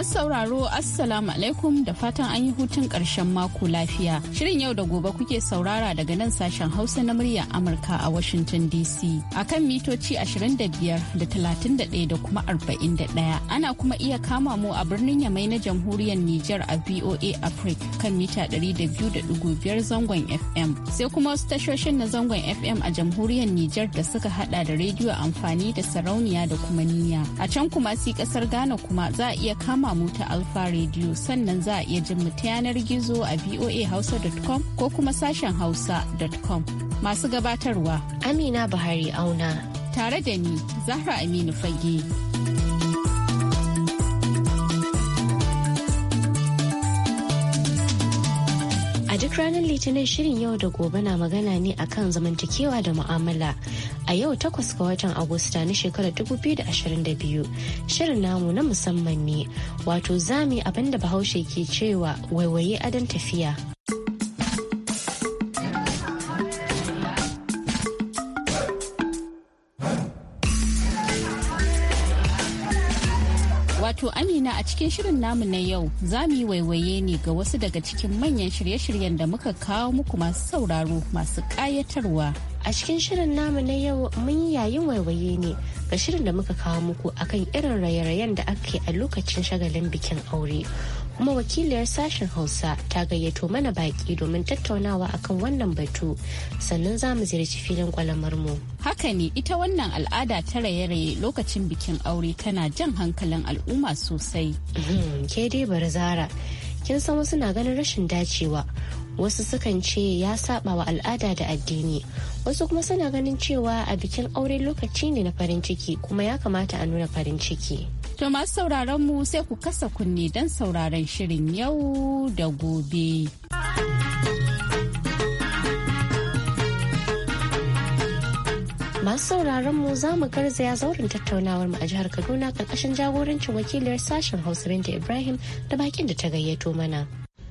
Masu sauraro Assalamu alaikum da fatan an yi hutun ƙarshen mako lafiya. Shirin yau da gobe kuke saurara daga nan sashen Hausa na murya Amurka a Washington DC. A kan mitoci 25 da 31 da kuma 41. Ana kuma iya kama mu a birnin Yamai na jamhuriyar Nijar a VOA Africa kan mita 200.5 zangon FM. Sai kuma wasu tashoshin na zangon FM a jamhuriyar Nijar da suka hada da rediyo amfani da sarauniya da kuma niya. A can kuma si kasar Ghana kuma za a iya kama kama mu ta Alfa Radio sannan za a iya jin mu ta yanar gizo a voahausa.com ko kuma sashen hausa.com. Masu gabatarwa Amina Buhari auna. Tare da ni Zahra Aminu Fage. duk ranar litinin shirin yau da gobe na magana ne a kan zamantakewa da mu'amala a yau takwas ga watan agusta na shekarar 2022 shirin namu na musamman ne wato zami abinda bahaushe ke cewa waiwaye adon tafiya To Amina a cikin shirin namu na yau za mu yi waiwaye ne ga wasu daga cikin manyan shirye-shiryen da muka kawo muku masu sauraro masu ƙayatarwa. A cikin shirin namu na yau mun yi yayin waiwaye ne ga shirin da muka kawo muku akan irin raye-rayen da ake a lokacin shagalin bikin aure. kuma wakiliyar sashen hausa ta gayyato mana baki domin tattaunawa akan wannan batu sannan za mu ziyarci filin kwalamar mu haka ne ita wannan al'ada ta raye-raye lokacin bikin aure tana jan hankalin al'umma sosai hmm, ke dai bari zara kin san wasu na ganin rashin dacewa wasu sukan ce ya saba wa al'ada da addini wasu kuma suna ganin cewa a bikin aure lokaci ne na farin ciki kuma ya kamata a nuna farin ciki To masu sauraron mu sai ku kasa kunne don sauraron shirin yau da gobe. Masu sauraron mu za mu garzaya zauren tattaunawar mu a jihar Kaduna ƙarƙashin jagorancin wakiliyar sashen Hausa Binta Ibrahim da bakin da ta gayyato mana.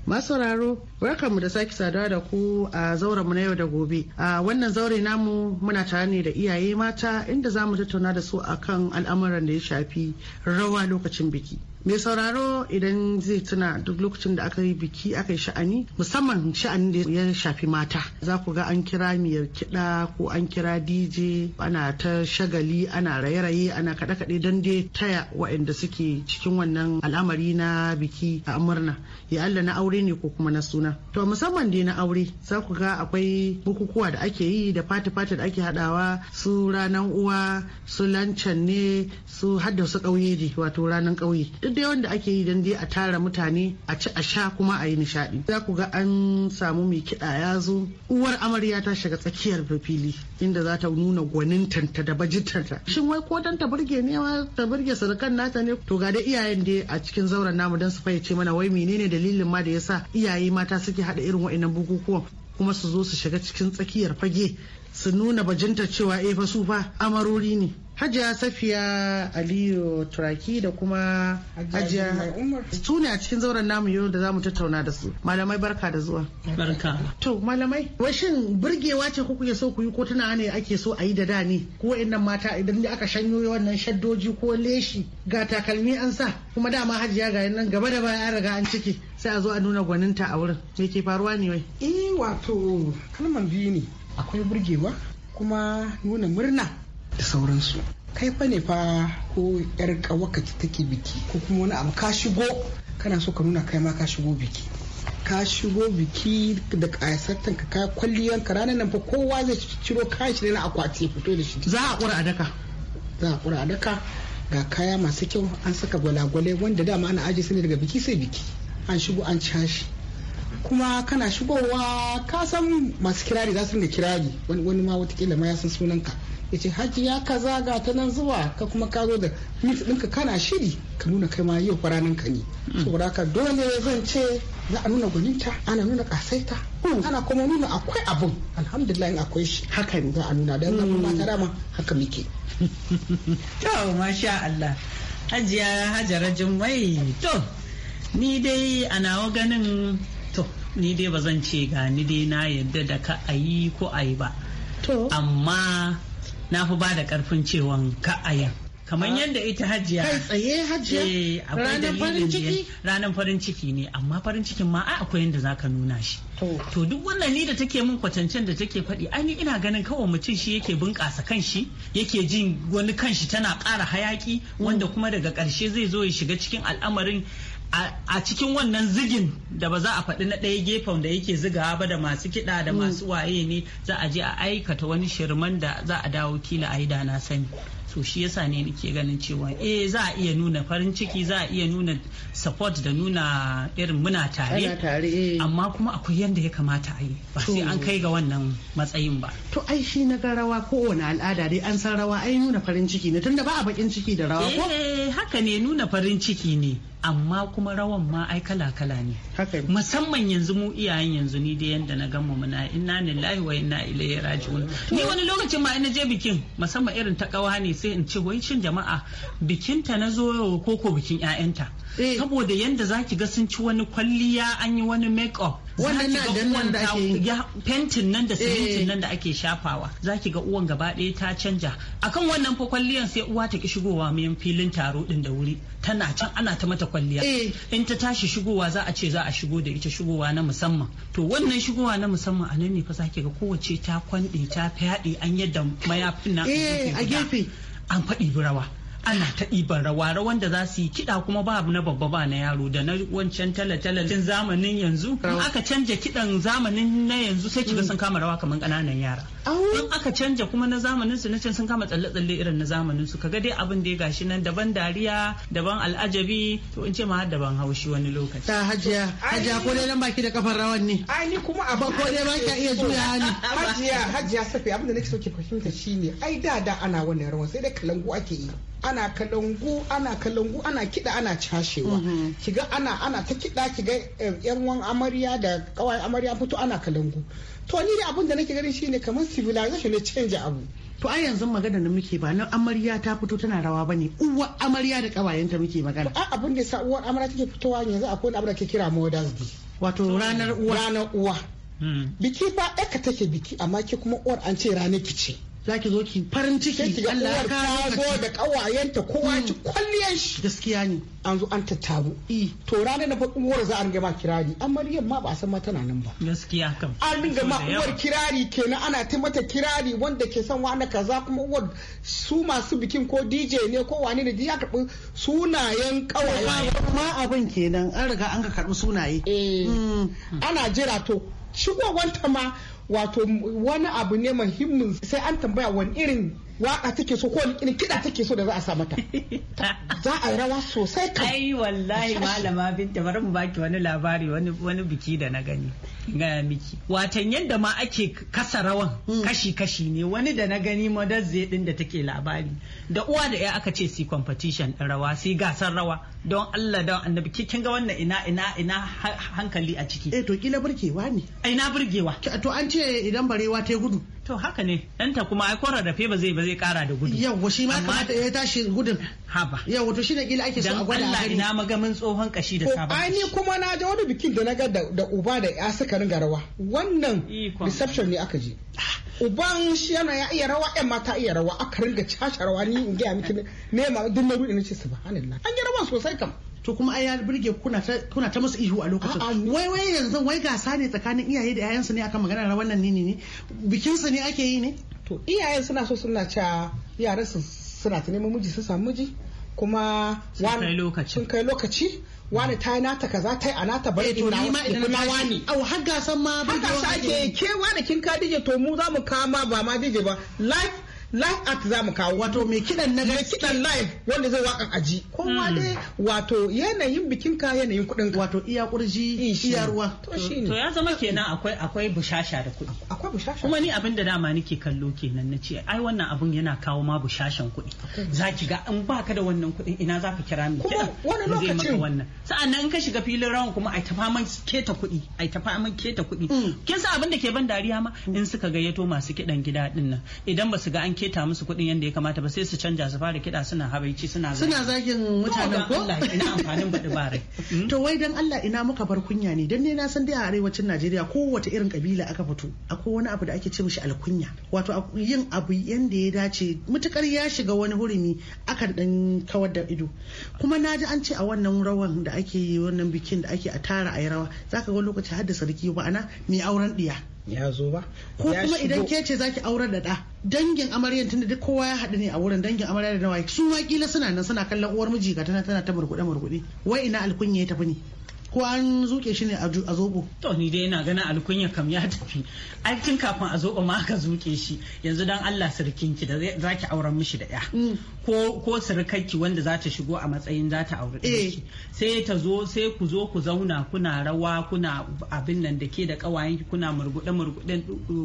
Masu masauraro welcome da sake saduwa da ku a mu na yau da gobe a wannan zaure namu muna tare ne da iyaye mata inda za mu tattauna da su akan al'amuran da ya shafi rawa lokacin biki mai sauraro idan zai tuna duk lokacin da aka yi biki aka yi sha'ani musamman sha'anin da ya shafi mata za ku ga an kira miyar kiɗa ko an kira dj ana ta shagali ana raye-raye ana kaɗe-kaɗe don dai taya waɗanda suke cikin wannan al'amari na biki a murna ya Allah na aure ne ko kuma na suna to musamman dai na aure za ku ga akwai bukukuwa da ake yi da fati-fati da ake haɗawa su ranar uwa su lancan ne su hadda su ƙauye wato ranar ƙauye duk dai wanda ake yi dan dai a tara mutane a ci a sha kuma a yi nishaɗi za ku ga an samu mai kiɗa ya zo uwar amarya ta shiga tsakiyar fili inda za ta nuna gwanintanta da bajitanta shin wai ko dan ta burge ne ta burge surukan nata ne to ga dai iyayen da a cikin zauren namu dan su fayyace mana wai menene dalilin ma da yasa iyaye mata suke hada irin wa'annan bukukuwan kuma su zo su shiga cikin tsakiyar fage su nuna bajinta cewa eh fa su fa amarori ne hajiya safiya aliyu turaki da kuma hajiya su ne a cikin zauren namu yau da zamu tattauna da su malamai barka da zuwa barka to malamai shin burgewa ce ku kuke so ku yi ko tana ne ake so a yi da da ne ko nan mata idan da aka shanyo wannan shaddoji ko leshi ga takalmi an sa kuma dama hajiya ga nan gaba da baya an riga an ciki sai a zo a nuna gwaninta a wurin me ke faruwa ne wai eh wato kalman biyu ne akwai burgewa kuma nuna murna da sauransu kai fa ne fa ko yar kawaka take biki ko kuma wani abu ka shigo kana so ka nuna kai ma ka shigo biki ka shigo biki da kayasartan ka kai kwalliyan ka ranan nan fa kowa zai ciro kayan shi na akwati fito da shi za a kura a daka za a kura a ga kaya masu kyau an saka gwalagwale wanda dama ana aji su ne daga biki sai biki an shigo an cashi kuma kana shigowa ka san masu kirari za su ringa kirari wani ma watakila ma ya san sunanka yace hajiya ka zaga ta nan zuwa ka kuma ka zo da mix ɗinka kana shiri ka nuna kai ma yau faranin ka ne mm. saboda haka dole zan ce za a nuna gwaninta ana nuna kasaita mm. ana kuma nuna akwai abun alhamdulillah akwai shi hakan za a nuna don zama mm. mata dama haka muke to masha Allah hajiya hajara jummai to ni dai a nawa ganin to ni dai ba zan ce ga ni dai na yadda da ka ayi ko ayi ba to amma na fi ba da karfin cewan ka'ayan kamar ah. yadda ita hajiya kai tsaye hajiya eh, ranar farin ciki ranar farin ciki ne amma farin cikin ma ai akwai yadda zaka nuna shi to duk wannan ni da take min kwatancen da take faɗi ani ina ganin kawai mutum shi yake bunƙasa kanshi yake jin wani kanshi tana ƙara hayaki wanda mm. kuma daga karshe zai zo ya shiga cikin al'amarin a cikin wannan zigin da ba za a faɗi na ɗaya gefen da yake zigawa ba da masu kiɗa da mm. masu waye ne za a je a aikata wani shirman da za a dawo kila a yi da na sani so shi yasa ne nake ganin cewa eh za a iya nuna farin ciki za a iya nuna support da nuna irin muna tare eh. amma kuma akwai yadda ya kamata a yi ba sai an kai ga wannan matsayin ba to ai shi na ga rawa kowane al'ada dai an san rawa ai nuna farin ciki ne tunda ba a bakin ciki da rawa ko eh haka ne nuna farin ciki ne amma kuma rawan ma ai kala-kala ne musamman yanzu mu iyayen yanzu ni da yanda na gama muna inna lillahi wa inna ilaihi raji'un ni wani lokacin ma ina je bikin musamman irin ta kawa ne sai in ce wai shin jama'a bikinta na zo ko ko bikin 'ya'yanta Eh. saboda za zaki ga sun ci wani kwalliya an yi wani make up wannan nan da ake fentin nan da eh. simintin nan da ake shafawa Za ki ga uwan gaba ɗaya ta canja akan wannan fa kwalliyan sai uwa ta ki shigowa mayan filin taro din da wuri tana can ana ta mata kwalliya eh. in ta tashi shigowa za a ce za a shigo da ita shigowa na musamman to wannan shigowa na musamman a nan ne fa zaki ga kowace ta kwanɗe ta fyaɗe an yadda mayafin na a gefe an faɗi birawa ana ta ɗiban rawa rawan da za su yi kiɗa kuma ba na babba ba na yaro da na wancan talatala. tale zamanin yanzu aka canja kiɗan zamanin na yanzu sai kiga sun kama rawa kamar ƙananan yara in aka canja kuma na zamanin su na can sun kama tsalle-tsalle irin na zamanin su kaga dai abin da ya gashi nan daban dariya daban al'ajabi to in ce ma har daban haushi wani lokaci ta hajiya hajiya ko dai nan baki da kafar rawan ne ai ni kuma a ko dai ba ka iya juya ni hajiya hajiya safi abin da nake so ke fahimta shine ai da da ana wannan rawan sai dai kalangu ake yi ana kalangu ana kalangu ana kida ana cashewa mm-hmm. kiga ana ana ta kida kiga eh, yan wan amarya da kawai amarya fito ana kalangu to ni da abin da nake ganin shine kamar civilization ne canja abu to ai yanzu magana da muke ba na amarya ta fito tana rawa bane uwa amarya da kawayenta muke magana a abin da sa uwar amarya take fitowa yanzu akwai abin da ke kira mothers day wato ranar uwa ranar uwa hmm. biki ba aka take biki amma ke kuma uwar an ce ranar ki ce za ki zo ki farin ciki Allah ya kawo da kawayenta kowa ci mm. kwalliyar shi gaskiya ne an zo an tattaru to ranar na faɗin uwar za a ringa ma kirari amaryar ma ba san ma tana nan ba gaskiya kam an ringa ma uwar kirari kenan ana ta mata kirari wanda ke son wani kaza kuma uwar su masu bikin ko DJ ne ko wani ne ya karɓi sunayen kawaye ma abin kenan an riga an ka karɓi sunaye eh. mm. ana jira to shigowanta ma wato wani abu ne muhimmin sai an tambaya wani irin waka take so ko wani kida take so da za a sa mata za a rawa sosai ka. ai wallahi malama binta bari mu baki wani labari wani wani biki da na gani ga miki watan yadda ma ake kasa rawan hmm. kashi kashi ne wani da na gani zai din da take labari da uwa da ya aka ce si competition din rawa si gasar rawa don Allah don annabi kin ga wannan ina ina ina hankali a ciki eh to kila burgewa ne ai na burgewa to an ce idan barewa ta gudu to haka ne danta kuma ai kwarar da ba zai ba zai kara da gudu yawa shi ma kamata ya tashi gudun haba yawa to shine kila ake so a gwada Allah ina magamin tsohon kashi da sabon ai ni kuma na je wani bikin da na ga da uba da ya suka ringa rawa wannan reception ne aka je uban shi yana ya iya rawa yan mata iya rawa aka ringa cashe rawa ni in ga miki ne ma duk na rude nace subhanallah an yi rawa sosai kam to kuma ai ya burge kuna ta kuna ta musu ihu a lokacin wai wai yanzu wai gasa ne tsakanin iyaye da yayansu ne akan magana wannan nini ne bikin su ne ake yi ne to iyayen suna so suna ca yaran su suna ta neman miji su samu miji kuma sun kai lokaci wani ta yi nata kaza ta yi a nata bari eh, na wani au har gasan ma har gasa ake ke wani kin ka to mu za mu kama ba ma dije ba life live act za mu kawo wato mai kidan na kidan live wanda zai wakan aji kowa hmm. dai wato yanayin bikin ka yanayin kuɗin wato iya kurji iya ruwa to shine to ya zama kenan akwai akwai bushasha da kuɗi akwai bushasha kuma ni abin da dama nake kallo kenan na ce ai wannan abun yana kawo ma bushashan kuɗi ki ga in baka da wannan kuɗin ina za ka kira mu kuma wani lokacin wannan sa'annan in ka shiga filin rawan kuma ai ta faman keta kuɗi ai ta faman keta kuɗi hmm. kin san abin da ke ban dariya ma hmm. in suka gayyato masu kidan gida dinnan nan idan ba su ga an keta musu kuɗin yadda ya kamata ba sai su canja su fara kiɗa suna habaici suna suna zagin mutanen ko ina amfanin baɗi ba to wai dan Allah ina muka bar kunya ne dan ne na san dai a arewacin Najeriya ko kowace irin kabila aka fito akwai wani abu da ake ce mishi alkunya wato yin abu yanda ya dace mutukar ya shiga wani hurumi aka dan kawar da ido kuma na ji an ce a wannan rawan da ake yi wannan bikin da ake a tara a yi rawa zaka ga lokaci har da sarki ma'ana mai auren diya ya zo ba ko kuma idan ke zaki aurar da da dangin amaryar tunda duk kowa ya haɗu ne a wurin dangin amarya da nawa su ma kila suna nan suna kallon uwar miji ga tana tana ta murgude murgude wai ina alkunya ya tafi ne ko an zuke shi ne a zobo to ni dai ina ganin alkunya kam ya tafi ai tun kafin a zobo ma aka zuke shi yanzu dan Allah sirkin ki da zaki auren mishi da ya mm. ko ko sirkarki wanda za ta shigo a matsayin za ta aure ki eh. sai ta zo sai ku zo ku zauna kuna rawa kuna abin nan da ke da kawayen ki kuna murgude murgude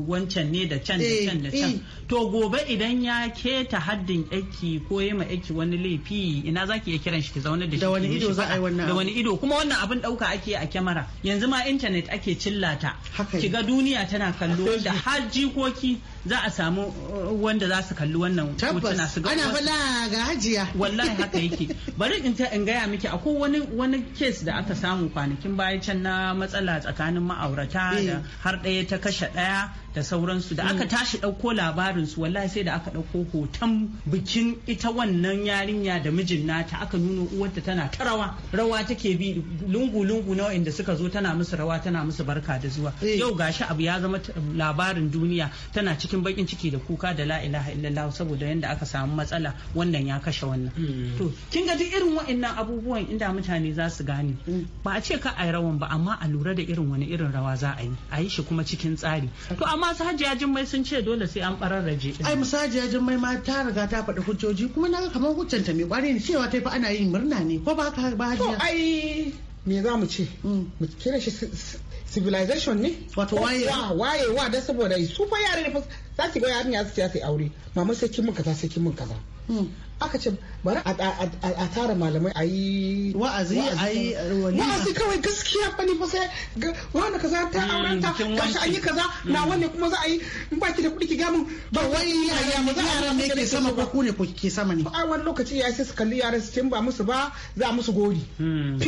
wancan ne da can da eh, can da can eh. to gobe idan ya keta haddin yaki ko ya ma yaki wani laifi ina zaki iya kiran shi ki zauna da shi da wani ido za a yi wannan da wani ido kuma wannan abin ɗauka ake a kyamara yanzu ma intanet ake cillata ki ga duniya tana kallo da har jikoki za a samu uh, wanda za su kalli wannan hotuna su ga ana fada ga hajiya wallahi haka yake bari in ta in gaya miki akwai wani wani case da aka samu kwanakin baya can na matsala tsakanin ma'aurata eh. da har daya ta kashe daya da sauransu da aka mm. tashi dauko labarin su wallahi sai da aka dauko hoton bikin ita wannan yarinya da mijin nata aka nuno uwarta tana ta rawa rawa take bi lungu lungu na inda suka zo tana musu rawa tana musu barka da zuwa eh. yau gashi abu ya zama labarin duniya tana cikin cikin bakin ciki da kuka da la ilaha illallah saboda yanda aka samu matsala wannan ya kashe wannan hmm. to kin ga duk irin wa'annan abubuwan inda mutane za su gane hmm. ba a ce ka a yi rawan ba amma a lura da irin wani irin rawa za a yi a yi shi kuma cikin tsari hmm. to amma su hajiya Jummai sun ce dole sai an bararraje ai musu hajiya jimmai ma ta riga ta faɗi hujjoji kuma na ga kamar hujjanta mai kwari ne cewa ta fa ana yin murna ne ko ba ka ba hajiya ai me za mu ce mm. mu kira shi civilization ne wato wayewa da saboda su fa yare ne za su ga yarinya su ya sai aure mama sai kin mun kaza sai kin mun kaza mm. aka ce bari a tara malamai a yi wa'azi a yi wa'azi kawai gaskiya ba ne sai wani kaza ta hmm, auren ta gashi an yi kaza na hmm. wani kuma za a yi in baki da kuɗi ki gamu ba wai yaya mu za a yaran ne ke sama ko ku ne ko ke sama ne a wani lokaci ya sai su kalli yaran su ba musu ba za a musu gori hmm.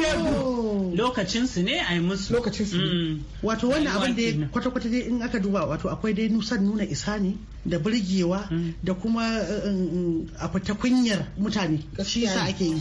oh. lokacin su ne a yi musu lokacin su ne wato wannan abin da kwata kwata dai in aka duba wato akwai dai nusan nuna isa ne da burgewa da kuma eh, eh, eh, a fita kunya jinyar mutane shi yasa ake yi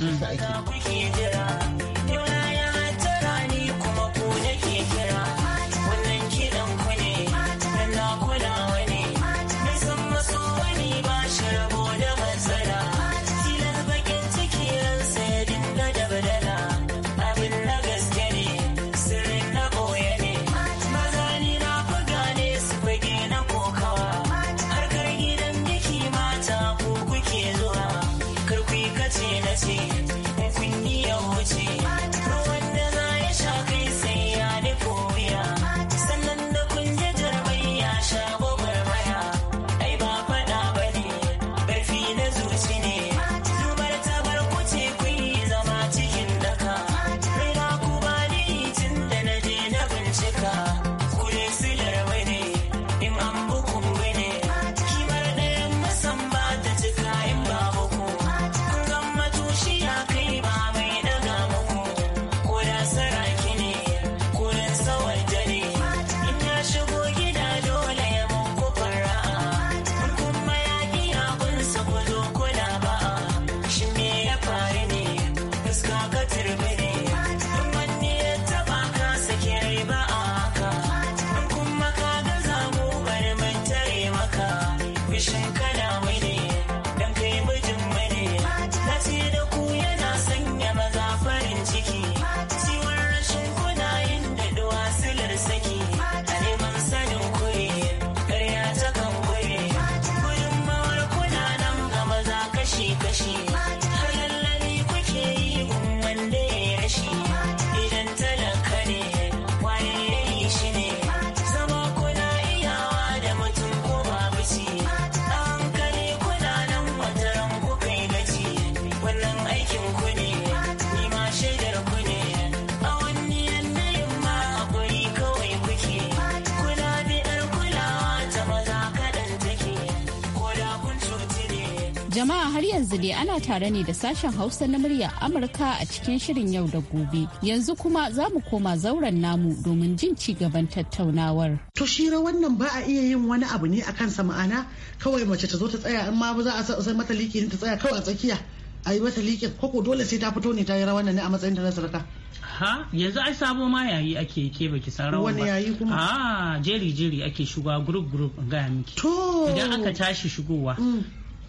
Jama'a har yanzu dai ana tare ne da sashen Hausa na murya Amurka a cikin shirin yau da gobe. Yanzu kuma za mu koma zauren namu domin jin ci gaban tattaunawar. To shira wannan ba a iya yin wani abu ne a kansa ma'ana kawai mace ta zo ta tsaya in ma za a sai mata liƙi ta tsaya kawai a tsakiya. a yi mata liƙin koko dole sai ta fito ne ta yi rawan ne a matsayin da na sarka. Ha yanzu ai sabo ma yayi ake ke baki san rawan Wani yayi kuma? Ah jeri jeri ake shiga group group in gaya miki. To. Idan aka tashi shigowa mm.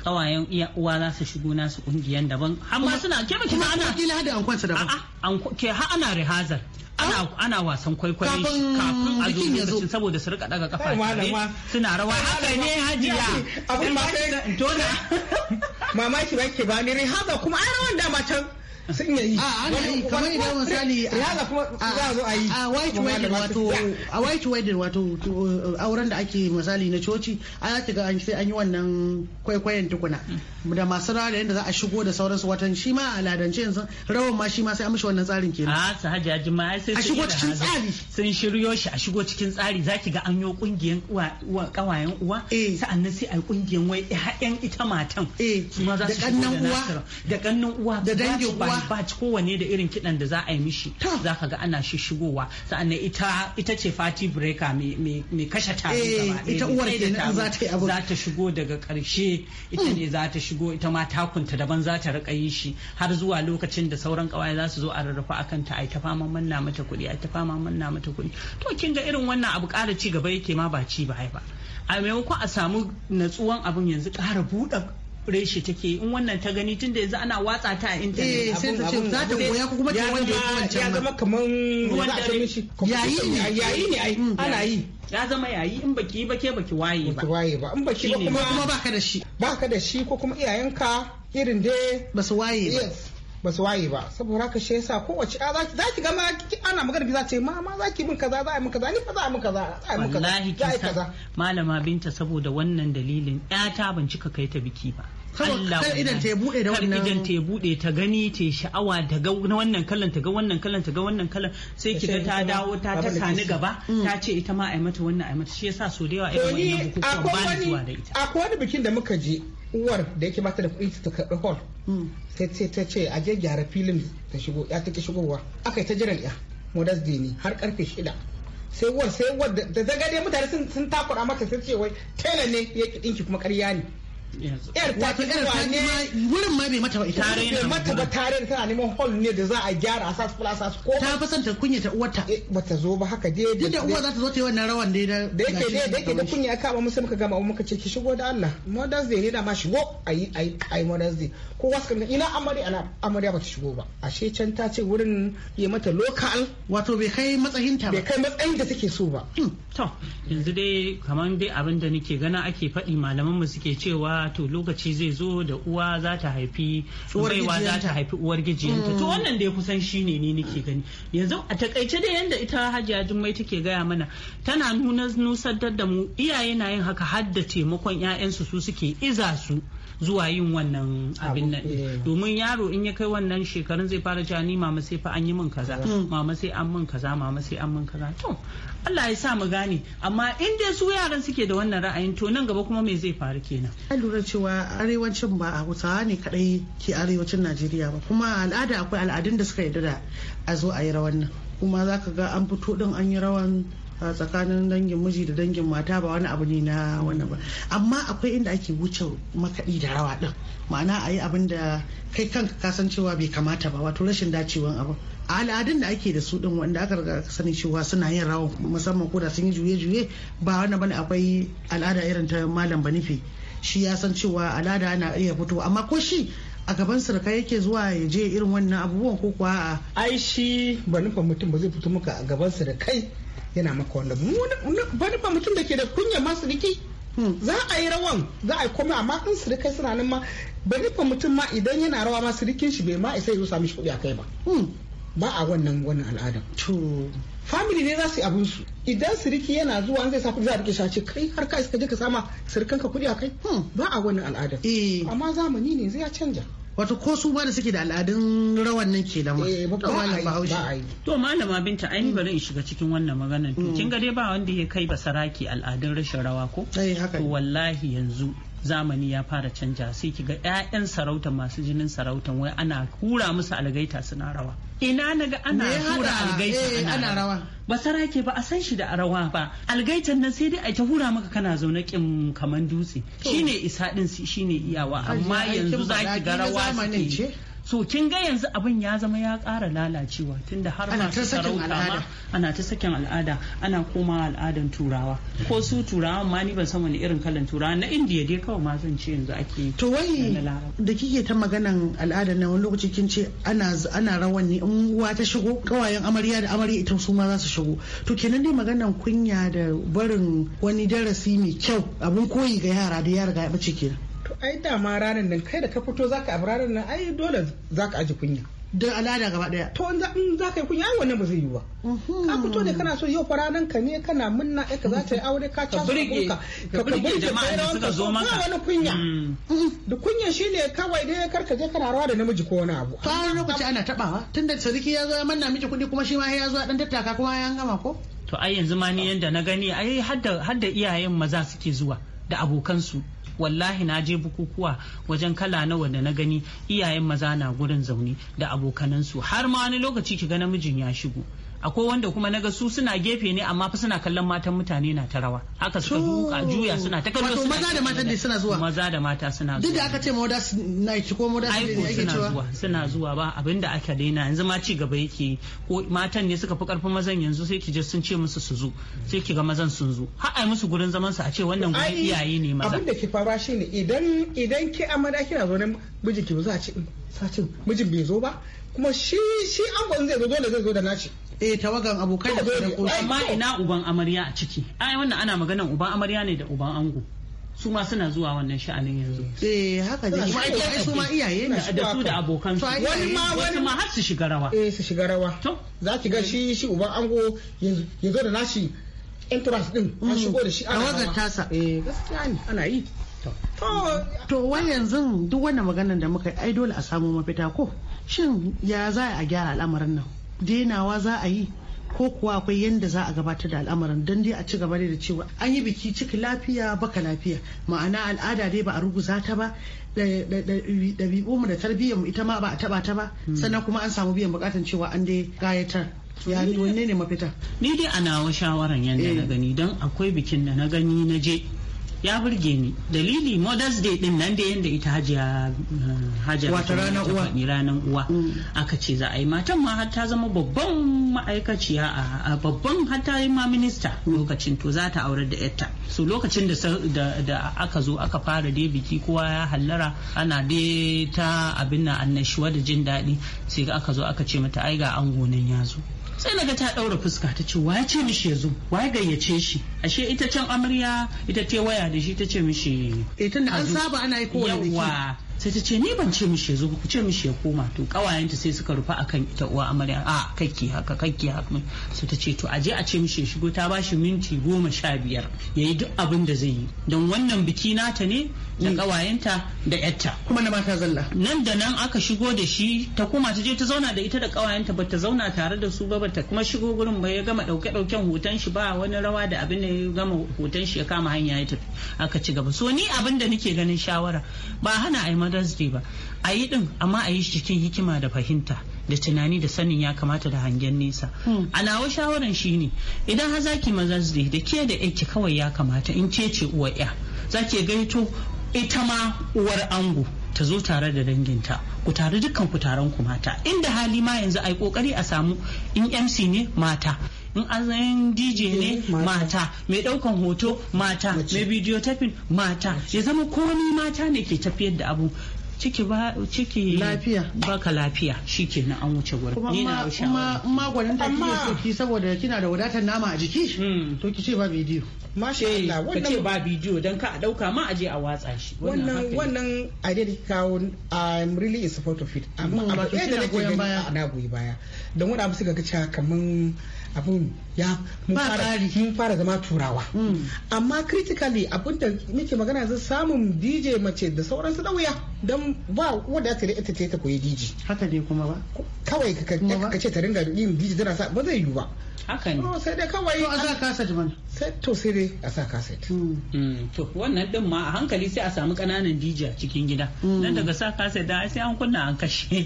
kawayen iya uwa za su shigo nasu kungiyan daban amma suna ke kuma ana kila da ankwansa daban ke ha ana rehazar ana ah? wasan kwaikwayi kafin a zo lokacin saboda su rika daga kafa suna rawa haka ne hajiya abin ma kai mamaki ba ke ba ni rehazar kuma ai rawan dama can sun yi a ana yi kamar idan misali a kuma za a zo a yi a white wedding wato ah. a white wedding wato auren da ake misali na coci a ya tiga an sai an yi wannan kwaikwayon tukuna da masu rawa da yadda za a shigo da sauransu watan shi ma a ladance yanzu rawan ma shi ma sai an mishi wannan tsarin kenan a su hajji hajji ma sai a shigo cikin tsari sun shiryo shi a shigo cikin tsari za ki ga an yi kungiyan uwa kawayen uwa eh. sa'annan sai a yi kungiyan wai ƴaƴan ita matan eh. za su shigo da da kannan uwa da dangin uwa ba kowane da irin kidan da za a yi mishi za ka ga ana shi shigowa sa'annan ita ita ce fati breaker mai kashe eh, ita uwar nan za ta yi abu za ta shigo daga karshe ita ne hmm. za ta shigo ita ma takunta daban za ta rika yi shi har zuwa lokacin da sauran kawaye za su zo a rarrafa akan ta ai ta fama manna mata kuɗi ai ta fama manna mata kuɗi to kin ga irin wannan abu ƙara ci gaba yake ma ba ci baya ba a maimakon a samu natsuwan abin yanzu ƙara buɗe reshe take in wannan ta gani tunda yanzu ana watsa ta a intanet eh sai ta ce za ta koya ko kuma ta wanda ya wancan ya zama kaman ruwan dare yayi ne yayi ne ai mm. ana yi ya zama yayi in baki yi ba ke baki waye ba waye ba in baki ba kuma kuma baka da shi baka da shi ko kuma iyayenka irin dai su waye ba ba su waye ba saboda haka shi yasa kowace ya zaki zaki ga ana magana za ce mama zaki min kaza za a yi min kaza ni fa za a yi min kaza za a min kaza wallahi malama binta saboda wannan dalilin ta ban cika kai ta biki ba Allah kar idan ta bude da wannan idan ta bude ta gani ta sha'awa ta ga wannan kallon ta ga wannan kallon ta ga wannan kallon sai ki ga ta dawo ta ta sani gaba mm. ta ce ita ma ai mata wannan ai mata shi yasa so da yawa irin wannan bukukuwa ba ni zuwa da ita akwai wani bikin da muka je uwar da yake mata da kuɗi ta karɓi hall mm. sai ce ta ce a gyara filin ta shigo ya take shigowa aka yi ta jiran ya modas dini har karfe shida sai uwar sai uwar da zaga mutane sun takura mata sai ce wai tela ne ya ki kuma ƙarya ne yar ta ki garwa ne wurin ma bai mata ba ita bai mata ba tare tana neman hall ne da za a gyara a sas plus sas ko ta fi son ta kunya ta uwarta eh, bata zo ba haka dai duk da uwa za ta zo ta yi wannan rawan dai da yake dai da yake da kunya aka ba musu muka gama muka ce ki shigo da Allah mothers day ne da ma shigo ayi ayi ayi mothers day ko wasu kan ina amarya ana ba ta shigo ba ashe can ta ce wurin ya mata local wato bai kai matsayin ta ba bai kai matsayin da take so ba hmm. to yanzu dai kamar dai abin nake gana ake faɗi malaman mu suke cewa to lokaci zai zo da uwa za ta haifi baiwa za ta haifi uwar gijiyanta to mm. wannan da ya kusan shine ne nake gani yanzu a takaice da yanda ita hajiya jummai take gaya mana tana nuna nusantar da mu iyaye na yin haka har da taimakon 'ya'yansu su suke iza su zuwa yin wannan abin nan eh. domin yaro in ya kai wannan shekarun zai fara cewa ni mama sai fa an yi min kaza mama sai an min kaza mama sai an min kaza to Allah ya sa mu gane amma in dai su yaran suke da wannan ra'ayin to nan gaba kuma me zai faru kenan Na lura cewa arewacin ba a hausawa ne kadai ke arewacin Najeriya ba kuma al'ada akwai al'adun da suka yarda da a zo a yi rawan nan kuma zaka ga an fito din an yi rawan a tsakanin dangin miji da dangin mata ba wani abu ne na wannan ba amma akwai inda ake wuce makaɗi da rawa ɗin ma'ana a yi abin da kai kanka cewa bai kamata ba wato rashin dacewan abu a al'adun da ake da su ɗin wanda aka riga sani cewa suna yin rawa musamman ko da sun yi juye-juye ba wani bane akwai al'ada irin ta malam banife shi ya san cewa al'ada na iya fito amma ko shi a gaban surka yake zuwa ya je irin wannan abubuwan ko kuwa a Aishi shi ba nufin mutum ba zai fito maka a gaban da kai yana maka wanda wani ba mutum da ke da kunya masu riki hmm. za a yi rawan za a yi komai amma in sirikai suna nan ma ba nufa mutum ma idan yana rawa ma sirikin shi bai ma isa yi sami shi kuɗi a kai ba hmm. ba a wannan wannan al'adar family ne za su yi abin su idan siriki yana zuwa zai sa kuɗi za a rike shace kai har ka iska je ka sama sirikanka kuɗi a kai hmm. ba a wannan al'adar eh. amma zamani ne zai ya canja wato ko su ba da suke da al'adun rawan nan ke da eh, to malama binta ai bari in shiga cikin wannan maganar to mm. kin ga dai ba wanda ya kai ba saraki al'adun rashin rawa ko eh, wallahi yanzu zamani ya fara canja sai ki ga 'ya'yan sarauta masu jinin sarauta wai ana hura musu algaita suna rawa ina naga ana hura algaita eh, ana rawa ba sarake ba a san shi da rawa ba algaitan nan sai dai a ta hura maka kana zaune kin kaman dutse shine isa din shine iyawa amma yanzu zaki ga rawa so kin ga yanzu abin ya zama ya ƙara lalacewa tunda har masu sarauta ma ana ta sakin al'ada ana koma al'adan turawa ko su turawa ma ni ban san wani irin kalan turawa na indiya dai kawai ma zan ce yanzu ake to wai da kike ta maganan al'ada na wani lokaci kin ce ana ana rawan ne in uwa ta shigo kawayen amarya da amarya ita su ma za su shigo to kenan dai maganan kunya da barin wani darasi mai kyau abun koyi ga yara da yara ga ya bace kenan to ai dama ranar nan kai da ka fito zaka abu ranar nan ai dole zaka aji kunya don al'ada gaba daya to in za ka yi kunya wannan ba zai yi ba ka fito ne kana so yau fa ranar ka ne kana munna ai ka za ta yi aure ka ta burge ka ka burge jama'a da suka zo maka wani kunya mm. da kunya shine kawai dai kar ka je kana rawa da namiji ko wani abu to an lokaci ana tabawa tunda sarki ya zo ya manna miki kuɗi kuma shi ma ya zo ya dan tattaka kuma ya gama ko to ai yanzu ma ni yanda na gani ai hadda hadda iyayen maza suke zuwa da abokansu wallahi na je bukukuwa wajen kala nawa da na gani iyayen maza na gurin zaune da abokanansu har ma wani lokaci ki ga namijin ya shigo akwai wanda kuma naga su suna gefe ne amma fa suna kallon matan mutane na ta rawa haka suka duka juya suna ta kallo wato maza da mata ne suna zuwa maza da mata suna zuwa duk da aka ce mawada na ci ko mawada ne ake cewa zuwa suna zuwa ba abinda aka daina yanzu ma ci gaba yake ko matan ne suka fi karfin mazan yanzu sai ki je sun ce musu su zo sai ki ga mazan sun zo har ai musu gurin zaman su a ce wannan gurin iyaye ne maza abinda ke fara shine idan idan ki amada kina zo nan mijinki ba za a ce sacin mijin bai zo ba kuma shi shi angon zai zo dole zai zo da naci eh tawagan abokai da suka amma ina uban amarya a ciki ai wannan ana maganan uban amarya ne da uban ango su ma suna zuwa wannan sha'anin yanzu. Eh haka ne. Kuma ai su ma iyaye ne. Da su da abokan su. Wani ma wani ma har su shiga rawa. Eh su shiga rawa. To za ki ga shi shi uban ango ya zo da nashi entrance din a mm. shigo da shi ana rawa. Tawagar tasa. Eh gaskiya ne ana yi. To wai yanzu duk wannan maganar da muka yi ai dole a samu mafita ko? Shin ya za a gyara al'amarin nan? denawa za a yi ko kuwa akwai yadda za a gabatar da al'amarin don dai a ci gaba da cewa an yi biki ciki lafiya baka lafiya ma'ana al'ada dai ba a ruguza ta ba mu da tarbiyyar mu ita ma ba a taba ta ba hmm. sannan kuma an samu biyan bukatan cewa an dai gayatar ya wanne ne mafita ni dai a shawaran yadda na eh. gani don akwai bikin da na gani na je ya burge ni dalili mothers day din nan da yanda ita hajiya eh, hajiya wata ranar uwa ranar mm. uwa aka ce za a yi matan ma har zama babban ma'aikaciya a babban har ta yi ma minista mm. lokacin to za ta aurar da yarta so lokacin da aka zo aka fara dai biki kowa ya hallara ana dai ta abin na annashuwa da jin daɗi sai aka zo aka ce mata ai ga ango ya zo sai naga ta ɗaura fuska ta ce waye ce mishi ya zo waye gayyace shi ashe ita can amarya ita ce waya da shi ta ce mishi eh, tunda an saba ana yi yawa sai ta ce ni ban ce mishi yazo zo ku ce mishi ya koma to kawayenta sai suka rufa akan ita uwa amarya a kakki haka kakki haka sai ta ce to aje a ce mishi ya shigo ta bashi minti goma sha biyar yayi duk abin da zai yi don wannan biki nata ne da mm. ƙawayenta da yatta kuma na mata zalla nan da nan aka shigo da shi ta kuma ta je ta zauna da ita da kawayenta ba ta zauna tare da su ba ba ta kuma shigo gurin ba ya gama ɗauke ɗauken hoton shi ba wani rawa da abin da ya gama hoton shi ya kama hanya ya tafi aka ci gaba so ni abin da nake ganin shawara ba hana a yi mother's day ba a yi din amma a yi shi cikin hikima da fahimta da tunani da sanin ya kamata da hangen nesa mm. a nawa shawaran ne idan ha zaki mazazde da ke da yake kawai ya kamata in ce ce uwa ya za ki gaito ita ma uwar ango ta zo tare da danginta ku tare dukkan ku taron ku mata inda hali ma yanzu ai kokari a samu in MC ne mata in azayin DJ ne eh, mata mai daukan hoto mata mai bidiyo tafin mata ya zama komai mata ne ke tafiyar da abu ciki ba ciki lafiya baka lafiya shikenan an wuce gurin ni na shawara amma gwanin ta kike ki saboda kina da wadatar nama a jiki hmm. to ki ce ba bidiyo masha eh, Allah wannan ba bidiyo dan ka a dauka ma aje a watsa shi wannan wannan idea da kawo I'm really in support of it amma hmm. a ba da na goyi baya na goyi baya dan wani abu suka ga kaman abun ya mun fara zama turawa mm. amma critically abun da muke magana zan samun dj mace da sauransu da wuya don ba wadda aka ita ce ta koyi dj haka ne kuma ba kawai ka ce ta ringa yin dj tana sa ba zai yiwu ba haka ne oh, sai dai kawai to a sa kaset mana sai to sai dai a sa kaset mm. mm. to wannan din ma a hankali sai a samu kananan dj a cikin gida nan daga sa kaset da sai an kunna an kashe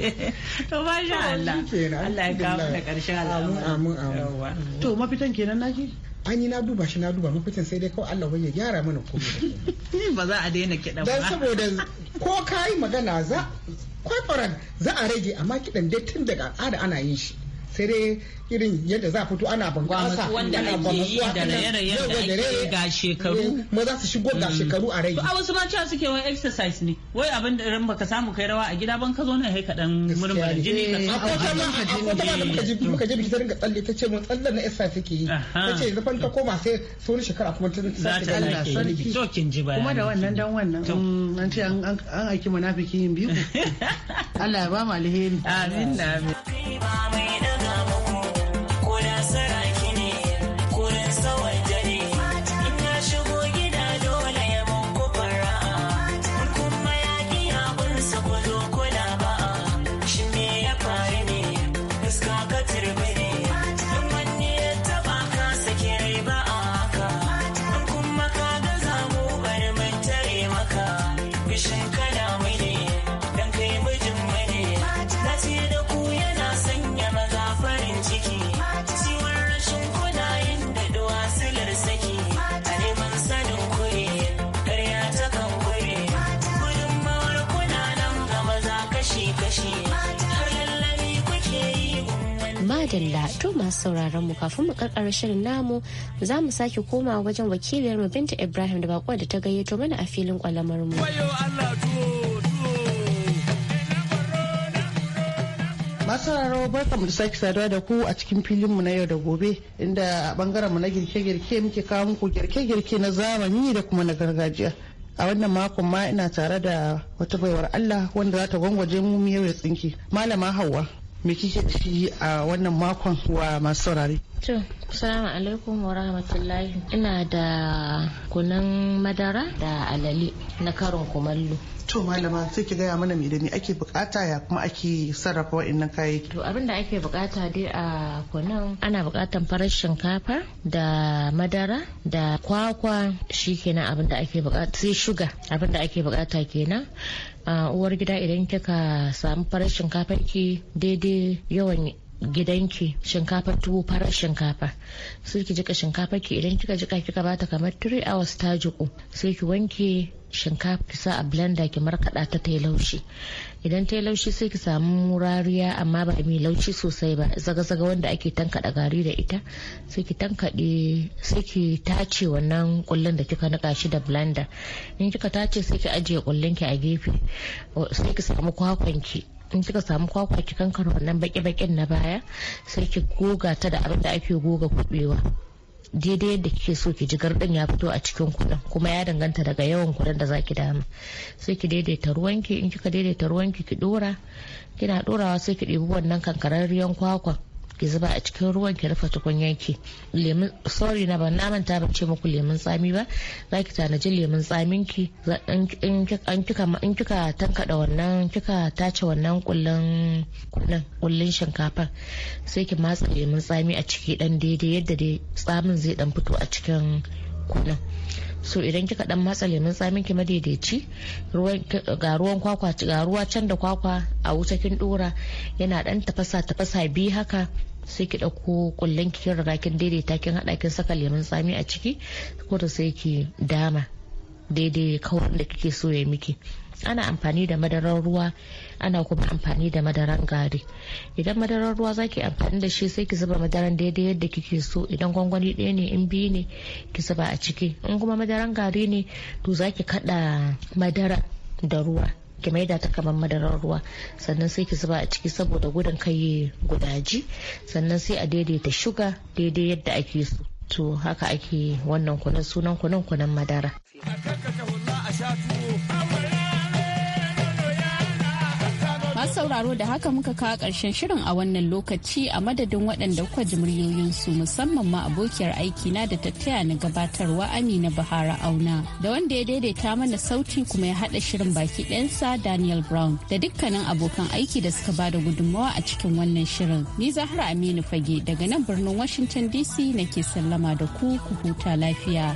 to masha oh, Allah Allah ya kawo da karshen al'amari amin to mafitan kenan naki an yi na duba shi na duba mafitan sai dai kawai Allah ya gyara mana komai ba za a daina kiɗa ba dan saboda ko kai magana za kwafaran za a rage amma kiɗan dai tun daga al'ada ana yin shi sai dai irin yadda za fito ana bangwasa ana bangwasa da raye-raye ga shekaru eh, mu za su shigo ga mm. shekaru a rai a wasu ma suke wani exercise ne wai abin da ran baka samu kai rawa a gida ban ka zo nan kai kadan murmura jini ka eh, a kota ma da muka je muka je ta ringa tsalle ta ce mun tsallan na exercise take yi ta ce zafan ta koma sai sauran shekara kuma ta za ta Allah sarki to kin ji bayani kuma da wannan dan wannan an ce an aiki munafiki yin biyu Allah ya ba mu alheri amin amin madalla to masu sauraron mu kafin mu karkara shirin namu za mu sake koma wajen wakiliyar mu binta ibrahim da bako da ta gayyato mana a filin kwalamar mu masararo barka mu da sake saduwa da ku a cikin filin mu na yau da gobe inda a bangaren mu na girke-girke muke kawo muku girke-girke na zamani da kuma na gargajiya a wannan makon ma ina tare da wata baiwar Allah wanda za ta gwangwaje mu miyar ya tsinki malama Hauwa me kike da shi a wannan makon wa masu saurari. To, salamu alaikum wa rahmatullahi. Ina da kunun madara da alale na karin kumallo. To malama sai ki gaya mana me ake bukata ya kuma ake sarrafa wa'annan kayayyaki. To abin da ake bukata dai a kunun ana bukatan farar shinkafa da madara da kwakwa shi kenan abin da ake bukata sai shuga abin da ake bukata kenan. uwar gida idan kika samu farar shinkafar ki daidai yawan gidanki shinkafar tuwo farar shinkafa sai ki jika shinkafar ki idan kika jika kika bata kamar 3 hours ta jiku sai ki wanke shinkafa ki sa a blender ki markaɗa ta ta laushi idan ta laushi sai ki samu murariya amma ba mai laushi sosai ba zaga-zaga wanda ake tankaɗa gari da ita sai ki tankaɗe sai ki tace wannan kullun da kika nika shi da blender in kika tace sai ki ajiye kullun ki a gefe sai ki samu kwakwan ki in kika samu kwakwa ki kankara wannan baki-bakin na baya sai ki goga ta da abin da ake goga kuɓewa daidai yadda kike so ki ji gardin ya fito a cikin kuɗin kuma ya danganta daga yawan kuɗin da zaki dama sai ki daidaita ruwanki in kika daidaita ruwanki ki dora kina dorawa sai ki ɗebi wannan kankararriyar kwakwan ki zuba a cikin ruwan ki rufe tukunyan ki lemun sorry na ban manta ta ce muku lemun tsami ba za ki tanaji lemun tsamin ki in kika in kika tankada wannan kika tace wannan kullun kullun kullun shinkafa sai ki matsa lemun tsami a ciki dan daidai yadda dai tsamin zai dan fito a cikin kullun so idan kika dan matsa lemun tsamin ki madaidaici ga ruwan kwakwa ga ruwa can da kwakwa a wuta kin dora yana dan tafasa tafasa bi haka sai ki ɗauko kullen kin riga kin daidaita kin haɗa kin saka lemun tsami a ciki ko da sai ki dama daidai kawai da kike so ya miki ana amfani da madarar ruwa ana kuma amfani da madaran gari idan madarar ruwa zaki amfani da shi sai ki zuba madaran daidai yadda kike so idan gwangwani ɗaya ne in biyu ne ki zuba a ciki in kuma madaran gari ne to zaki kada madara da ruwa ki maida ta kamar madarar ruwa sannan sai ki zuba a ciki saboda gudun kai gudaji sannan sai a daidaita shuga daidai yadda ake so to haka ake wannan kunan sunan kunan kunan madara. Masu sauraro da haka muka kawo ƙarshen shirin a wannan lokaci a madadin waɗanda kuka ji muryoyinsu musamman ma abokiyar aiki na da ta taya na gabatarwa Amina Bahara Auna da wanda ya daidaita mana sauti kuma ya haɗa shirin baki ɗansa Daniel Brown da dukkanin abokan aiki da suka bada gudunmawa a cikin wannan shirin. Ni Zahra Aminu Fage daga nan birnin Washington DC nake sallama da ku ku huta lafiya.